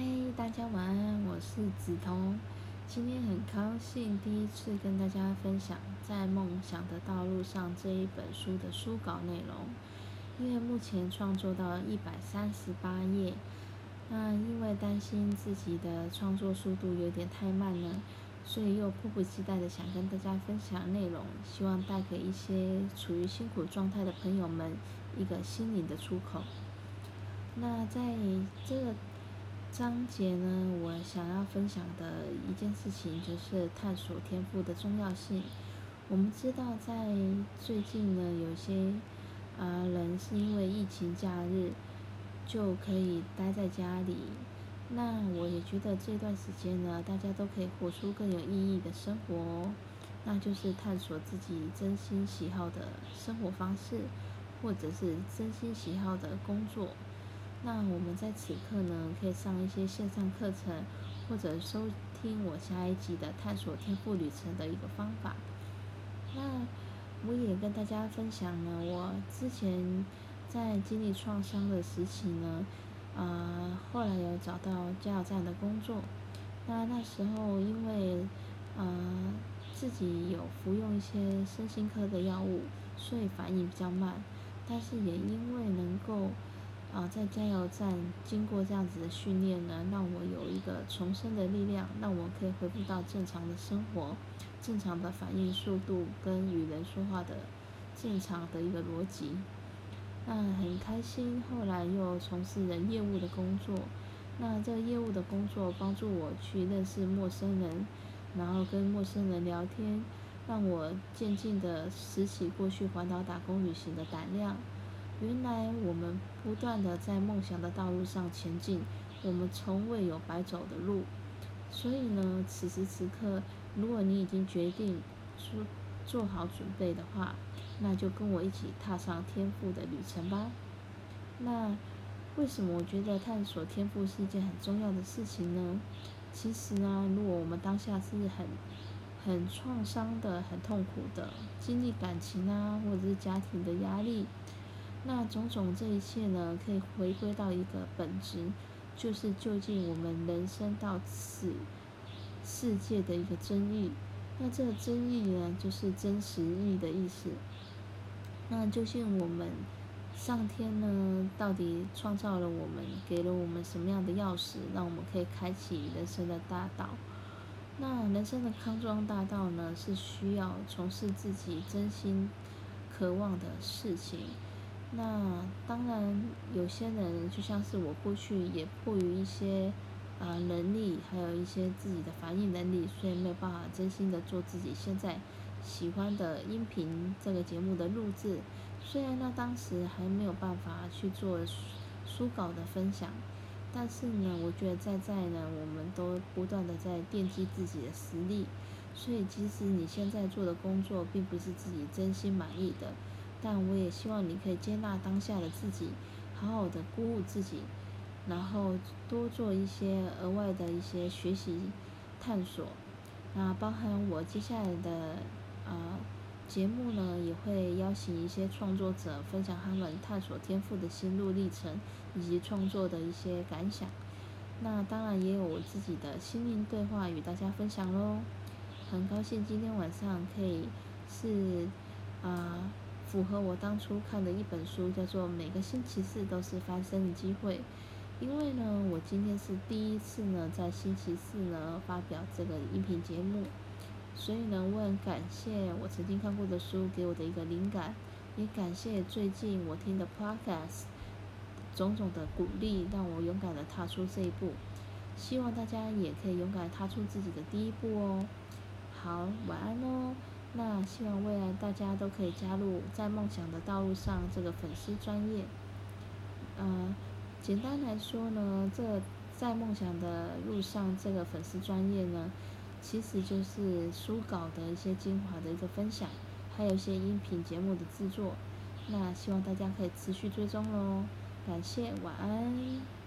嘿，hey, 大家晚安，我是梓潼。今天很高興第一次跟大家分享在夢想的道路上這一本書的書稿內容，因為目前創作到一百三十八頁，那因為擔心自己的創作速度有點太慢了，所以又迫不及待的想跟大家分享內容，希望帶給一些處於辛苦狀態的朋友們一個心靈的出口。那在這個章節呢，我想要分享的一件事情就是探索天賦的重要性。我們知道，在最近呢，有些啊人是因為疫情假日就可以待在家裡。那我也覺得這段時間呢，大家都可以活出更有意義的生活哦，那就是探索自己真心喜好的生活方式，或者是真心喜好的工作。那我們在此刻呢，可以上一些線上課程，或者收聽我下一集的探索天賦旅程的一個方法。那我也跟大家分享呢，我之前在經歷創傷的時期呢，啊、呃，後來有找到加油站的工作。那那時候因為啊、呃，自己有服用一些身心科的藥物，所以反應比較慢，但是也因為能夠。啊，在加油站經過這樣子的訓練呢，讓我有一個重生的力量，讓我可以恢復到正常的生活，正常的反應速度跟與人說話的正常的一個邏輯。那很開心，後來又從事了業務的工作，那這個業務的工作幫助我去認識陌生人，然後跟陌生人聊天，讓我漸漸的拾起過去環島打工旅行的膽量。原來我們不斷的在夢想的道路上前進，我們從未有白走的路。所以呢，此時此刻，如果你已經決定說做好準備的話，那就跟我一起踏上天賦的旅程吧。那為什麼我覺得探索天賦是一件很重要的事情呢？其實呢，如果我們當下是很很創傷的、很痛苦的，經歷感情啊，或者是家庭的壓力。那種種這一切呢，可以回歸到一個本質，就是究竟我們人生到此世界的一個真意。那這個真意呢，就是真實意的意思。那究竟我們上天呢，到底創造了我們，給了我們什麼樣的鑰匙，讓我們可以開啟人生的大道？那人生的康莊大道呢，是需要從事自己真心渴望的事情。那當然，有些人就像是我過去也迫於一些，呃，能力，還有一些自己的反應能力，所以沒有辦法真心的做自己現在喜歡的音頻這個節目的錄制。雖然呢，當時還沒有辦法去做書，書稿的分享，但是呢，我覺得在在呢，我們都不斷的在奠基自己的實力。所以，即使你現在做的工作並不是自己真心滿意的。但我也希望你可以接納當下的自己，好好的鼓舞自己，然後多做一些額外的一些學習探索。那包含我接下來的呃節目呢，也會邀請一些創作者分享他們探索天賦的心路歷程以及創作的一些感想。那當然也有我自己的心靈對話與大家分享嘍。很高興今天晚上可以是啊。呃符合我當初看的一本書，叫做《每個星期四都是翻身的機會》。因為呢，我今天是第一次呢，在星期四呢發表這個音頻節目，所以呢，我很感謝我曾經看過的書給我的一個靈感，也感謝最近我聽的 Podcast 種種的鼓勵，讓我勇敢的踏出這一步。希望大家也可以勇敢踏出自己的第一步哦。好，晚安嘍、哦。希望未來大家都可以加入在夢想的道路上這個粉絲專頁。嗯、呃，簡單來說呢，這個、在夢想的路上這個粉絲專頁呢，其實就是書稿的一些精華的一個分享，還有一些音頻節目的制作。那希望大家可以持續追蹤嘍，感謝，晚安。